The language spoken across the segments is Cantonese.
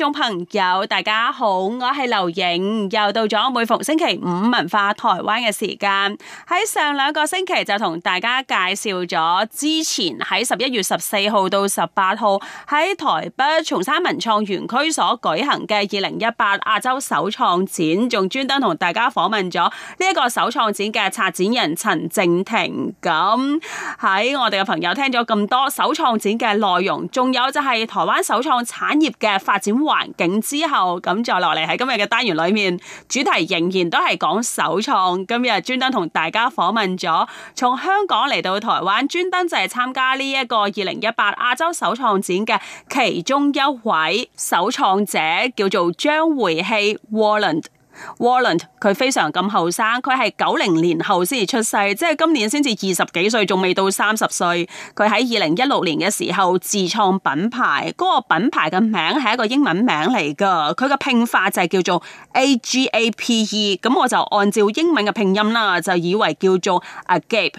聽眾朋友，大家好，我係劉影，又到咗每逢星期五文化台灣嘅時間。喺上兩個星期就同大家介紹咗之前喺十一月十四號到十八號喺台北松山文創園區所舉行嘅二零一八亞洲首創展，仲專登同大家訪問咗呢一個首創展嘅策展人陳靜婷。咁喺、哎、我哋嘅朋友聽咗咁多首創展嘅內容，仲有就係台灣首創產業嘅發展。環境之後，咁就落嚟喺今日嘅單元裏面，主題仍然都係講手創。今日專登同大家訪問咗，從香港嚟到台灣，專登就係參加呢一個二零一八亞洲手創展嘅其中一位手創者，叫做張匯 Rolland。Rolland 佢非常咁後生，佢係九零年後先至出世，即係今年先至二十幾歲，仲未到三十歲。佢喺二零一六年嘅時候自創品牌，嗰個品牌嘅名係一個英文名嚟噶，佢嘅拼法就係叫做 A G A P E，咁我就按照英文嘅拼音啦，就以為叫做 Agape。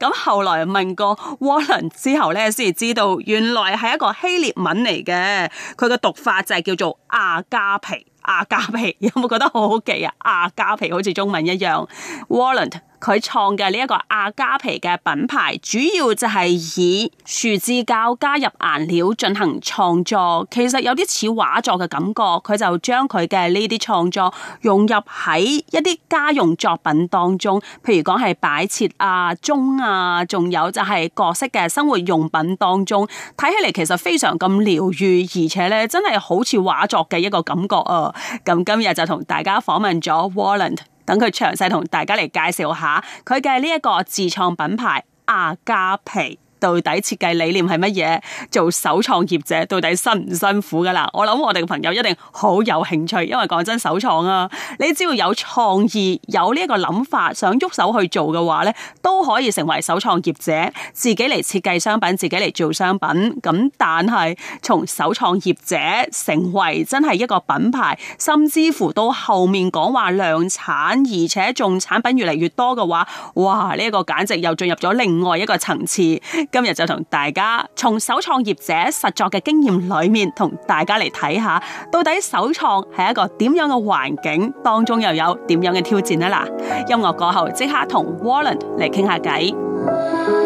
咁後來問過 Rolland 之後咧，先至知道原來係一個希臘文嚟嘅，佢嘅讀法就係叫做阿加皮。G a P e, 阿加皮，有冇覺得好好奇啊？阿加皮好似中文一樣，Walnut。 佢創嘅呢一個阿加皮嘅品牌，主要就係以樹脂膠加入顏料進行創作，其實有啲似畫作嘅感覺。佢就將佢嘅呢啲創作融入喺一啲家用作品當中，譬如講係擺設啊、鐘啊，仲有就係各式嘅生活用品當中，睇起嚟其實非常咁療愈，而且咧真係好似畫作嘅一個感覺啊！咁今日就同大家訪問咗 Rolland 等佢詳細同大家嚟介紹下，佢嘅呢一個自創品牌阿加皮。到底設計理念係乜嘢？做手創業者到底辛唔辛苦噶啦？我諗我哋嘅朋友一定好有興趣，因為講真，手創啊，你只要有創意，有呢個諗法，想喐手去做嘅話咧，都可以成為手創業者，自己嚟設計商品，自己嚟做商品。咁但係從手創業者成為真係一個品牌，甚至乎到後面講話量產，而且仲產品越嚟越多嘅話，哇！呢個簡直又進入咗另外一個層次。今日就同大家從手創業者實作嘅經驗裏面，同大家嚟睇下到底手創係一個點樣嘅環境，當中又有點樣嘅挑戰啊！嗱，音樂過後即刻同 Rolland 嚟傾下偈。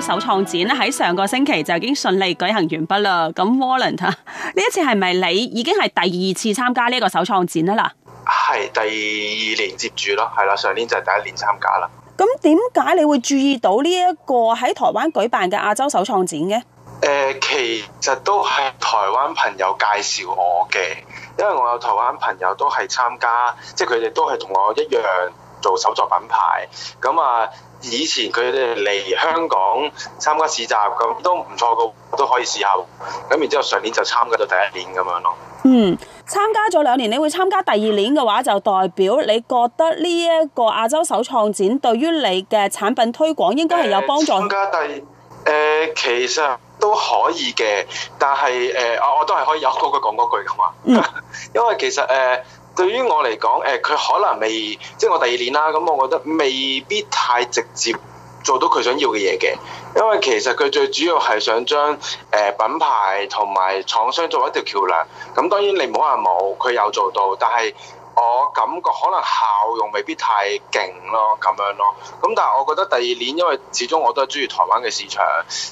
首創展咧，喺上個星期就已經順利舉行完畢啦。咁 Rolland 呢一次係咪你已經係第二次參加呢一個手創展啊？嗱，係第二年接住咯。係啦，上年就係第一年參加啦。咁點解你會注意到呢一個喺台灣舉辦嘅亞洲手創展嘅？誒、呃，其實都係台灣朋友介紹我嘅，因為我有台灣朋友都係參加，即係佢哋都係同我一樣做手作品牌，咁、嗯、啊。以前佢哋嚟香港參加市集咁都唔錯嘅，都可以試下。咁然之後上年就參加到第一年咁樣咯。嗯，參加咗兩年，你會參加第二年嘅話，就代表你覺得呢一個亞洲首創展對於你嘅產品推廣應該係有幫助。參加第誒、呃，其實都可以嘅，但係誒、呃，我我都係可以有嗰句講嗰句㗎嘛，嗯， 因為其實誒、呃對於我嚟講，誒、呃、佢可能未，即係我第二年啦。咁、嗯、我覺得未必太直接做到佢想要嘅嘢嘅，因為其實佢最主要係想將誒、呃、品牌同埋廠商作為一條橋梁。咁、嗯、當然你唔好話冇，佢有做到，但係，我感覺可能效用未必太勁咯，咁樣咯。咁但係我覺得第二年，因為始終我都係中意台灣嘅市場，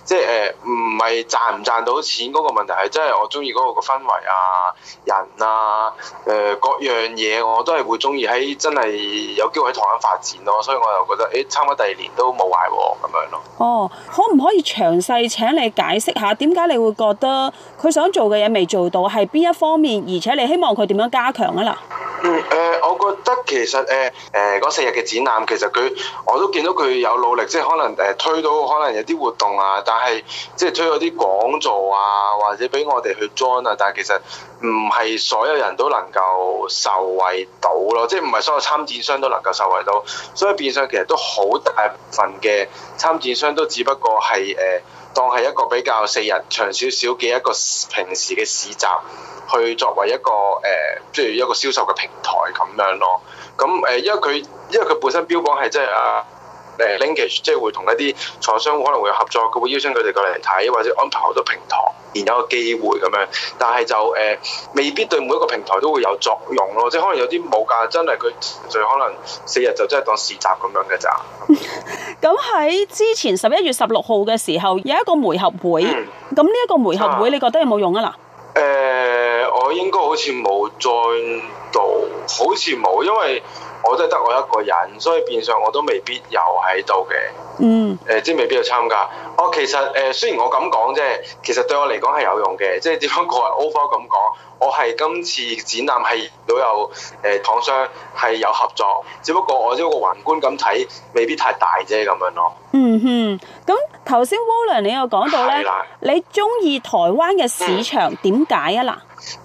即係誒唔係賺唔賺到錢嗰個問題係，即係我中意嗰個個氛圍啊、人啊、誒、呃、各樣嘢，我都係會中意喺真係有機會喺台灣發展咯。所以我又覺得誒、哎，差唔多第二年都冇壞喎，咁樣咯。哦，可唔可以詳細請你解釋下點解你會覺得佢想做嘅嘢未做到係邊一方面？而且你希望佢點樣加強啊？嗱。呃、我覺得其實誒誒嗰四日嘅展覽，其實佢我都見到佢有努力，即係可能誒、呃、推到可能有啲活動啊，但係即係推到啲講座啊，或者俾我哋去 join 啊，但係其實唔係所有人都能夠受惠到咯，即係唔係所有參展商都能夠受惠到，所以變相其實都好大部分嘅參展商都只不過係誒。呃當係一個比較四日長少少嘅一個平時嘅市集，去作為一個誒，即、呃、係、就是、一個銷售嘅平台咁樣咯。咁誒、呃，因為佢因為佢本身標榜係即係啊誒，Linkage 即係會同一啲廠商可能會合作，佢會邀請佢哋過嚟睇，或者安排好多平台，然後有個機會咁樣。但係就誒、呃，未必對每一個平台都會有作用咯。即係可能有啲冇價，真係佢最可能四日就真係當市集咁樣嘅咋。 咁喺之前十一月十六號嘅時候，有一個媒合會，咁呢一個媒合會你覺得有冇用啊？嗱，誒，我應該好似冇再度，好似冇，因為。我都係得我一個人，所以變相我都未必有喺度嘅。嗯。誒，即係未必要參加。哦，其實誒、呃，雖然我咁講啫，其實對我嚟講係有用嘅。即係只不過 overall 咁講，我係今次展覽係都有誒廠、呃、商係有合作，只不過我只不過宏觀咁睇，未必太大啫咁樣咯、啊。嗯哼、mm，咁、hmm.。頭先 Rolland 你又講到咧，是的 你中意台灣嘅市場，點解啊嗱？誒、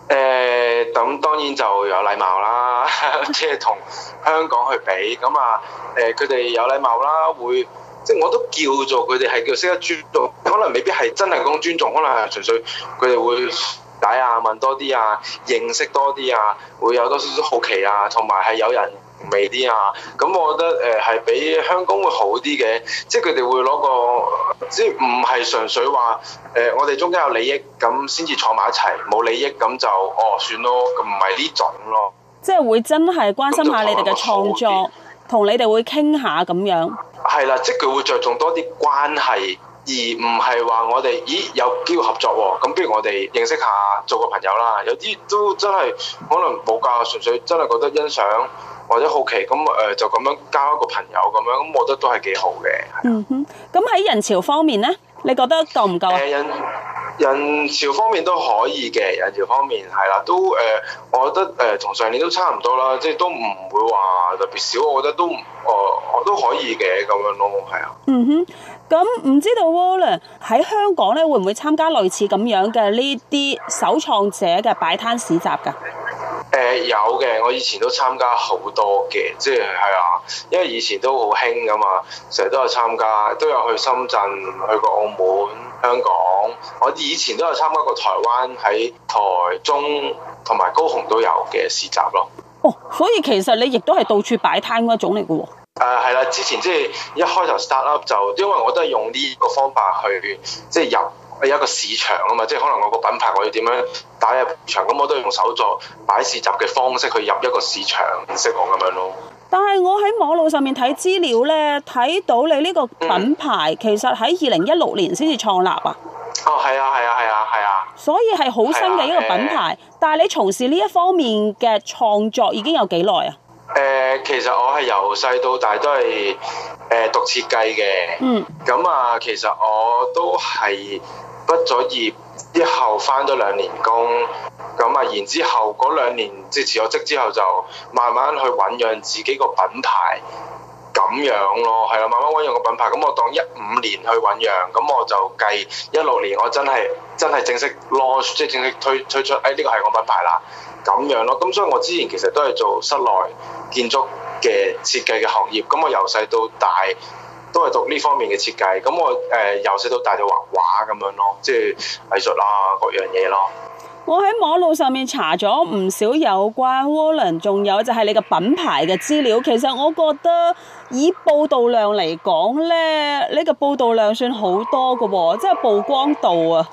呃，咁當然就有禮貌啦，即係同香港去比咁啊，誒、呃，佢哋有禮貌啦，會即係我都叫做佢哋係叫識得尊重，可能未必係真係咁尊重，可能係純粹佢哋會解啊問多啲啊，認識多啲啊，會有多少少好奇啊，同埋係有人味啲啊，咁我覺得誒係、呃、比香港會好啲嘅，即係佢哋會攞個。即唔係純粹話誒、呃，我哋中間有利益咁先至坐埋一齊，冇利益咁就哦算咯，咁唔係呢種咯。即係會真係關心下你哋嘅創作，同你哋會傾下咁樣。係啦、嗯，即係佢會着重多啲關係，而唔係話我哋咦有機會合作喎、哦，咁不如我哋認識下做個朋友啦。有啲都真係可能冇㗎，純粹真係覺得欣賞。或者好奇咁誒，就咁樣交一個朋友咁樣，咁我覺得都係幾好嘅。嗯哼，咁喺人潮方面咧，你覺得夠唔夠啊？人人潮方面都可以嘅，人潮方面係啦，都誒、呃，我覺得誒，同、呃、上年都差唔多啦，即係都唔會話特別少，我覺得都哦、呃，我都可以嘅咁樣咯，係啊。嗯哼，咁唔知道 Rolland、啊、喺香港咧，會唔會參加類似咁樣嘅呢啲手創者嘅擺攤市集噶？誒、呃、有嘅，我以前都參加好多嘅，即係係啊，因為以前都好興噶嘛，成日都有參加，都有去深圳、去過澳門、香港，我以前都有參加過台灣，喺台中同埋高雄都有嘅市集咯。哦，所以其實你亦都係到處擺攤嗰種嚟嘅喎。誒係啦，之前即係一開頭 start up 就，因為我都係用呢個方法去即係、就是、入。係一個市場啊嘛，即係可能我個品牌我要點樣打入市場，咁我都用手作擺市集嘅方式去入一個市場，唔識我咁樣咯。但係我喺網路上面睇資料咧，睇到你呢個品牌其實喺二零一六年先至創立啊、嗯。哦，係啊，係啊，係啊，係啊。所以係好新嘅一個品牌，啊呃、但係你從事呢一方面嘅創作已經有幾耐啊？誒、呃，其實我係由細到大都係誒、呃、讀設計嘅。嗯。咁啊，其實我都係。畢咗業之後，翻咗兩年工，咁啊，然之後嗰兩年即辭咗職之後，就慢慢去醖釀自己個品牌，咁樣咯，係啦，慢慢醖釀個品牌。咁我當一五年去醖釀，咁我就計一六年，我真係真係正式 launch，即係正式推推出，誒呢個係我品牌啦，咁樣咯。咁所以我之前其實都係做室內建築嘅設計嘅行業，咁我由細到大，都係讀呢方面嘅設計，咁我誒由細到大就畫畫咁樣咯，即係藝術啦，各樣嘢咯。我喺網路上面查咗唔少有關 Rolland，仲有就係你嘅品牌嘅資料。其實我覺得以報道量嚟講咧，呢個報道量算好多嘅喎，即係曝光度啊。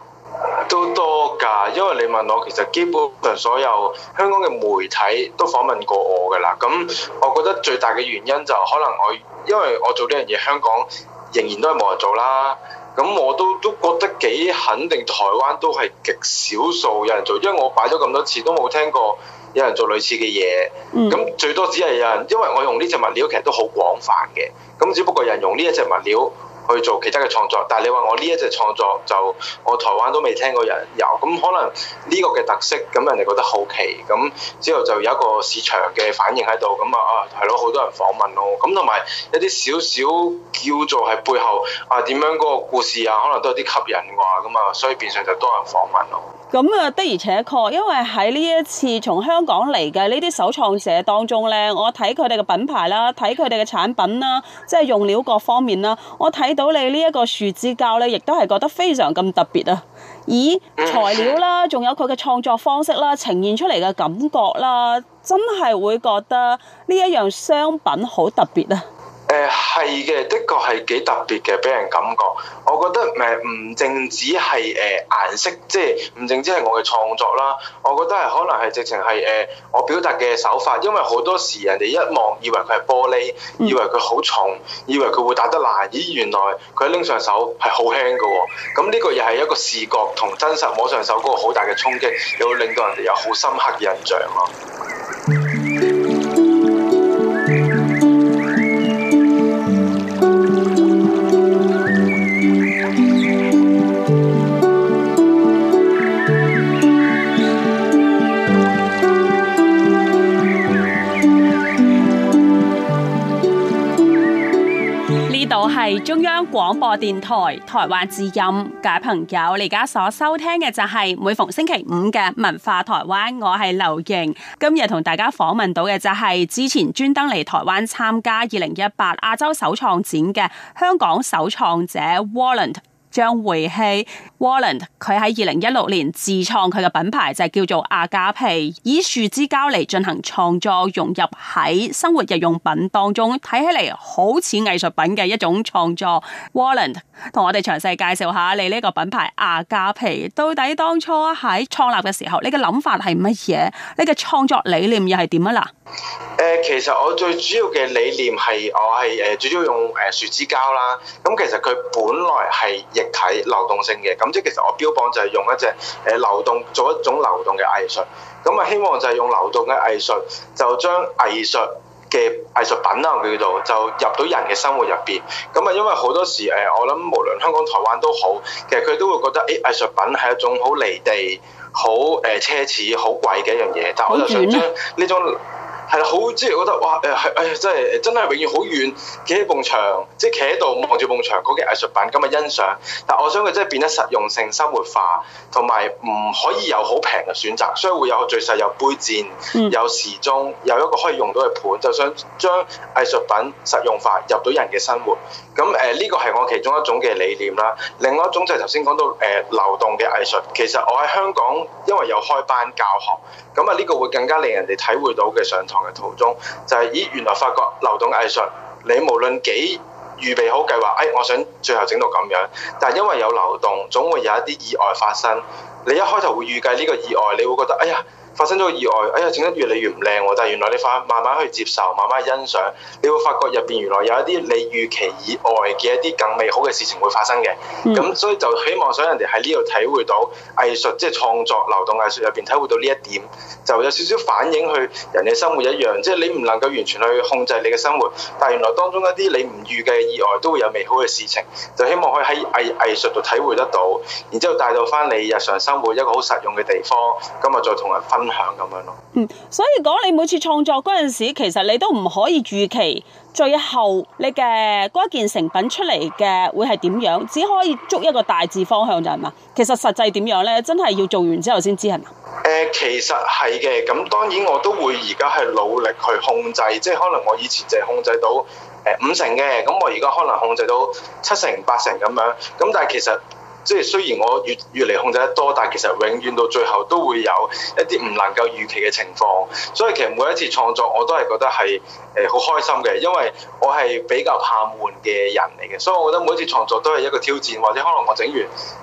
都多㗎，因為你問我，其實基本上所有香港嘅媒體都訪問過我㗎啦。咁我覺得最大嘅原因就可能我。因為我做呢樣嘢，香港仍然都係冇人做啦。咁我都都覺得幾肯定，台灣都係極少數有人做。因為我擺咗咁多次，都冇聽過有人做類似嘅嘢。咁最多只係有人，因為我用呢隻物料其實都好廣泛嘅。咁只不過有人用呢一隻物料。去做其他嘅創作，但係你話我呢一隻創作就我台灣都未聽過人有，咁可能呢個嘅特色，咁人哋覺得好奇，咁之後就有一個市場嘅反應喺度，咁啊啊係咯，好多人訪問咯，咁同埋一啲少少叫做係背後啊點樣嗰個故事啊，可能都有啲吸引啩，咁啊，所以變相就多人訪問咯。咁啊，的而且確，因為喺呢一次從香港嚟嘅呢啲手創者當中咧，我睇佢哋嘅品牌啦，睇佢哋嘅產品啦，即係用料各方面啦，我睇到你呢一個樹脂膠咧，亦都係覺得非常咁特別啊！以材料啦，仲有佢嘅創作方式啦，呈現出嚟嘅感覺啦，真係會覺得呢一樣商品好特別啊！誒係嘅，的確係幾特別嘅，俾人感覺。我覺得唔唔淨止係誒顏色，即係唔淨止係我嘅創作啦。我覺得係可能係直情係誒我表達嘅手法，因為好多時人哋一望以為佢係玻璃，以為佢好重，以為佢會打得難。咦，原來佢拎上手係好輕嘅喎。咁呢個又係一個視覺同真實摸上手嗰個好大嘅衝擊，又會令到人哋有好深刻印象咯。係中央廣播電台台灣之音。各位朋友，你而家所收聽嘅就係每逢星期五嘅文化台灣。我係劉瑩，今日同大家訪問到嘅就係之前專登嚟台灣參加二零一八亞洲手創展嘅香港手創者 Rolland 張匯係 Rolland，佢喺二零一六年自創佢嘅品牌就係、是、叫做阿加皮，以樹脂膠嚟進行創作，融入喺生活日用品當中，睇起嚟好似藝術品嘅一種創作。Rolland 同我哋詳細介紹下你呢個品牌阿加皮到底當初喺創立嘅時候，你嘅諗法係乜嘢？你嘅創作理念又係點啊？嗱，誒，其實我最主要嘅理念係我係誒，最主要用誒樹脂膠啦。咁其實佢本來係睇流動性嘅，咁即係其實我標榜就係用一隻誒流動做一種流動嘅藝術，咁啊希望就係用流動嘅藝術，就將藝術嘅藝術品啦，佢叫做就入到人嘅生活入邊。咁啊，因為好多時誒，我諗無論香港、台灣都好，其實佢都會覺得誒藝術品係一種好離地、好誒奢侈、好貴嘅一樣嘢。但係我就想將呢種。係啦，好即係覺得哇誒係，哎呀、哎、真係真係永遠好遠，企喺埲牆，即係企喺度望住埲牆嗰件藝術品咁嘅欣賞。但我想佢真係變得實用性生活化，同埋唔可以有好平嘅選擇，所以會有最細有杯墊，有時鐘，有一個可以用到嘅盤，就想將藝術品實用化入到人嘅生活。咁誒呢個係我其中一種嘅理念啦。另外一種就係頭先講到誒流動嘅藝術，其實我喺香港因為有開班教學。咁啊，呢個會更加令人哋體會到嘅，上堂嘅途中，就係、是、咦，原來發覺流動藝術，你無論幾預備好計劃，哎，我想最後整到咁樣。但係因為有流動，總會有一啲意外發生。你一開頭會預計呢個意外，你會覺得，哎呀。發生咗個意外，哎呀，整得越嚟越唔靚喎，但係原來你反慢慢去接受，慢慢去欣賞，你會發覺入邊原來有一啲你預期以外嘅一啲更美好嘅事情會發生嘅。咁、嗯、所以就希望想人哋喺呢度體會到藝術，即係創作、流動藝術入邊體會到呢一點，就有少少反映去人哋生活一樣，即、就、係、是，你唔能夠完全去控制你嘅生活，但係原來當中一啲你唔預計嘅意外都會有美好嘅事情。就希望可以喺藝藝術度體會得到，然之後帶到翻，你日常生活一個好實用嘅地方，咁啊再同人分。影響咁樣咯。嗯，所以講你每次創作嗰陣時，其實你都唔可以預期最後你嘅嗰一件成品出嚟嘅會係點樣，只可以捉一個大致方向就係嘛。其實實際點樣咧，真係要做完之後先知係嘛。誒、呃，其實係嘅。咁當然我都會而家係努力去控制，即、就、係、是、可能我以前就係控制到誒、呃、五成嘅，咁我而家可能控制到七成八成咁樣。咁但係其實。即係雖然我越越嚟控制得多，但係其實永遠到最後都會有一啲唔能夠預期嘅情況。所以其實每一次創作我都係覺得係誒好開心嘅，因為我係比較怕悶嘅人嚟嘅，所以我覺得每一次創作都係一個挑戰，或者可能我整完，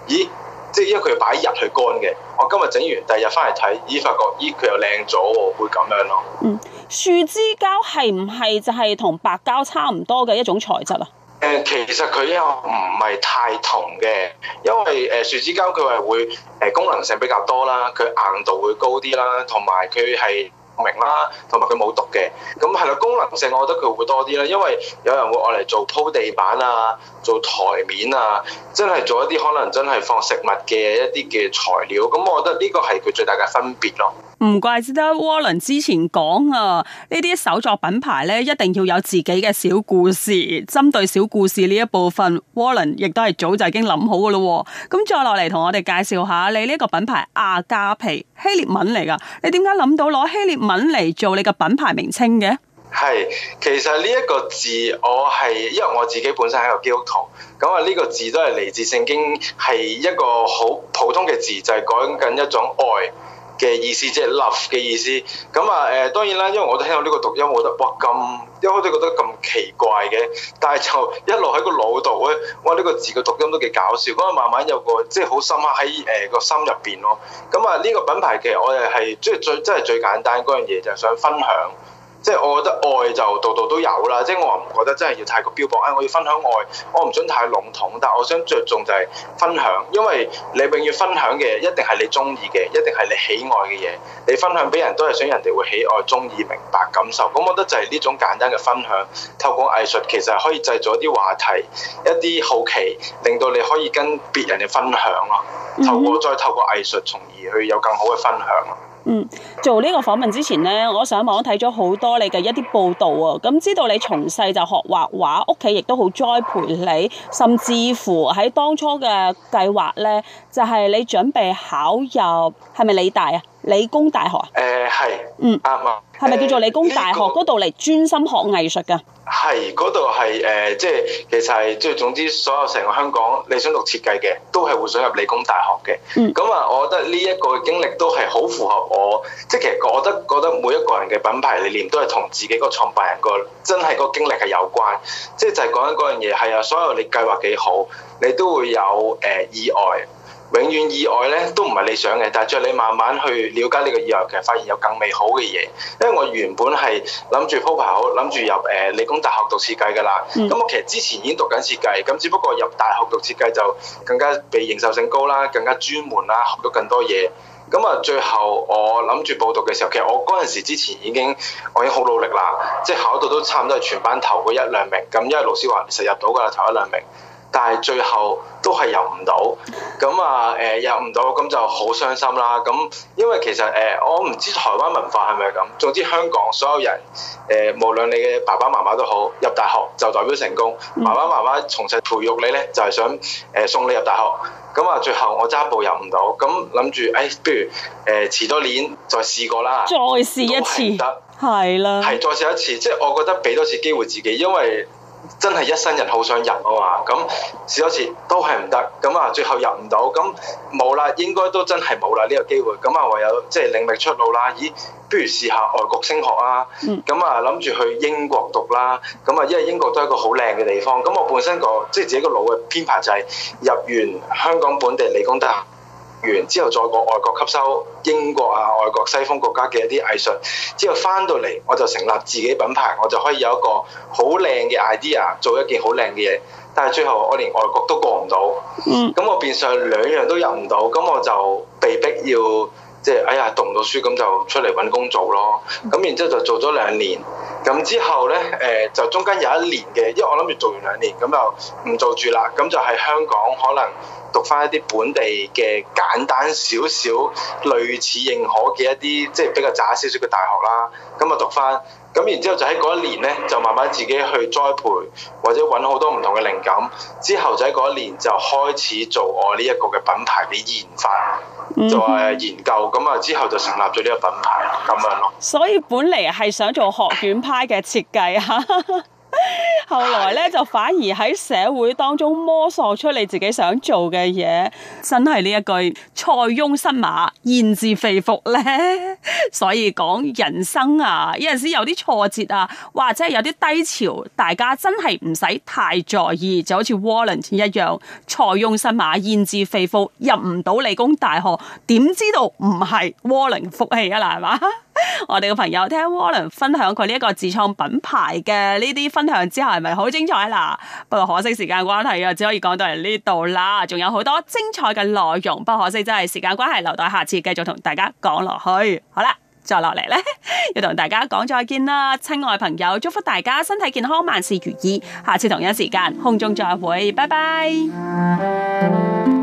咦，即係因為佢要擺一日去乾嘅。我今日整完，第二日翻嚟睇，咦，發覺咦佢又靚咗喎，會咁樣咯、啊。嗯，樹脂膠係唔係就係同白膠差唔多嘅一種材質啊？誒，其實佢又唔係太同嘅，因為誒、呃、樹脂膠佢係會誒、呃、功能性比較多啦，佢硬度會高啲啦，同埋佢係。明啦，同埋佢冇毒嘅，咁係啦。功能性，我覺得佢會多啲啦，因為有人會愛嚟做鋪地板啊，做台面啊，真係做一啲可能真係放食物嘅一啲嘅材料。咁我覺得呢個係佢最大嘅分別咯。唔怪之得，Rolland 之前講啊，呢啲手作品牌咧一定要有自己嘅小故事。針對小故事呢一部分，Rolland 亦都係早就已經諗好嘅咯、啊。咁再落嚟同我哋介紹下你呢個品牌阿加皮。希臘文嚟㗎，你點解諗到攞希臘文嚟做你個品牌名稱嘅？係，其實呢一個字我係，因為我自己本身係一個基督徒，咁啊呢個字都係嚟自聖經，係一個好普通嘅字，就係講緊一種愛。嘅意思即係 love 嘅意思，咁啊誒當然啦，因為我都聽到呢個讀音，我覺得哇，咁一開始覺得咁奇怪嘅，但係就一路喺個腦度咧，哇呢個字嘅讀音都幾搞笑，咁啊慢慢有個即係好深刻喺誒、呃、個心入邊咯。咁啊呢個品牌其實我哋係即係最，最真係最簡單嗰樣嘢就係想分享。即係我覺得愛就度度都有啦，即係我唔覺得真係要太過標榜，哎，我要分享愛，我唔想太籠統，但係我想着重就係分享，因為你永遠分享嘅嘢一定係你中意嘅，一定係你，你喜愛嘅嘢，你分享俾人都係想人哋會喜愛、中意、明白、感受。咁我覺得就係呢種簡單嘅分享，透過藝術其實可以製造一啲話題、一啲好奇，令到你可以跟別人嘅分享咯。透過再透過藝術，從而去有更好嘅分享。嗯，做呢個訪問之前呢，我上網睇咗好多你嘅一啲報道啊、哦，咁、嗯、知道你從細就學畫畫，屋企亦都好栽培你，甚至乎喺當初嘅計劃呢，就係、係、你準備考入係咪理大啊？理工大學啊？誒係、呃、嗯、係咪、嗯、叫做理工大學嗰度嚟專心學藝術噶？係，嗰度係誒，即係、呃、其實係即係總之，所有成個香港，你想讀設計嘅，都係會想入理工大學嘅。咁啊、嗯，我覺得呢一個經歷都係好符合我，即係其實我覺得覺得每一個人嘅品牌理念都係同自己個創辦人個真係個經歷係有關，即係就係講緊嗰樣嘢。係啊，所有你計劃幾好，你都會有誒、呃、意外。永遠意外咧都唔係理想嘅，但係最後你慢慢去了解呢個意外，其實發現有更美好嘅嘢。因為我原本係諗住鋪排好，諗住入誒理工大學讀設計㗎啦。咁、嗯、我其實之前已經讀緊設計，咁只不過入大學讀設計就更加被認受性高啦，更加專門啦，學到更多嘢。咁啊，最後我諗住報讀嘅時候，其實我嗰陣時之前已經我已經好努力啦，即係考到都差唔多係全班頭嗰一兩名。咁因為老師話實入到㗎啦，頭一兩名。但係最後都係入唔到，咁啊誒入唔到咁就好傷心啦。咁因為其實誒、呃、我唔知台灣文化係咪咁，總之香港所有人誒、呃、無論你嘅爸爸媽媽都好，入大學就代表成功。爸爸媽，媽媽從細培育你咧，就係、是、想誒、呃、送你入大學。咁啊最後我揸部入唔到，咁諗住誒不如誒、呃、遲多年再試過啦，再試一次，得係啦，係再試一次。即、就、係、是、我覺得俾多次機會自己，因為。真係一生人好想入啊嘛，咁試多次都係唔得，咁啊最後入唔到，咁冇啦，應該都真係冇啦呢個機會。咁啊，唯有即係另覓出路啦。咦，不如試下外國升學啊？咁啊諗住去英國讀啦。咁啊，因為英國都係一個好靚嘅地方。咁我本身個即係、就是、自己個腦嘅編排就係、是、入完香港本地理工大學。完之後再過外國吸收英國啊、外國西方國家嘅一啲藝術，之後返到嚟我就成立自己品牌，我就可以有一個好靚嘅 idea 做一件好靚嘅嘢，但係最後我連外國都過唔到，咁我變相兩樣都入唔到，咁我就被迫要。即係、就是、哎呀讀唔到書咁就出嚟揾工做咯，咁然之後就做咗兩年，咁之後咧誒、呃、就中間有一年嘅，因為我諗住做完兩年咁就唔做住啦，咁就喺香港可能讀翻一啲本地嘅簡單少少類似認可嘅一啲即係比較渣少少嘅大學啦，咁啊讀翻，咁然之後就喺嗰一年咧就慢慢自己去栽培或者揾好多唔同嘅靈感，之後就喺嗰一年就開始做我呢一個嘅品牌嘅研發。就係、嗯、研究，咁啊之後就成立咗呢個品牌，咁樣咯。所以本嚟係想做學院派嘅設計，哈。 後來咧就反而喺社會當中摸索出你自己想做嘅嘢，真係呢一句塞翁失馬焉知非福咧。所以講人生啊，有陣時有啲挫折啊，或者係有啲低潮，大家真係唔使太在意，就好似 Rolland 一樣。塞翁失馬焉知非福，入唔到理工大學，點知道唔係 Rolland 福氣啊？係嘛？ 我哋嘅朋友聽 Rolland 分享佢呢一個自創品牌嘅呢啲分享之後，係咪好精彩啦？不過可惜時間關係啊，只可以講到嚟呢度啦。仲有好多精彩嘅內容，不過可惜真係時間關係，留待下次繼續同大家講落去。好啦，再落嚟呢，要同大家講再見啦，親愛朋友，祝福大家身體健康，萬事如意。下次同一時間空中再會，拜拜。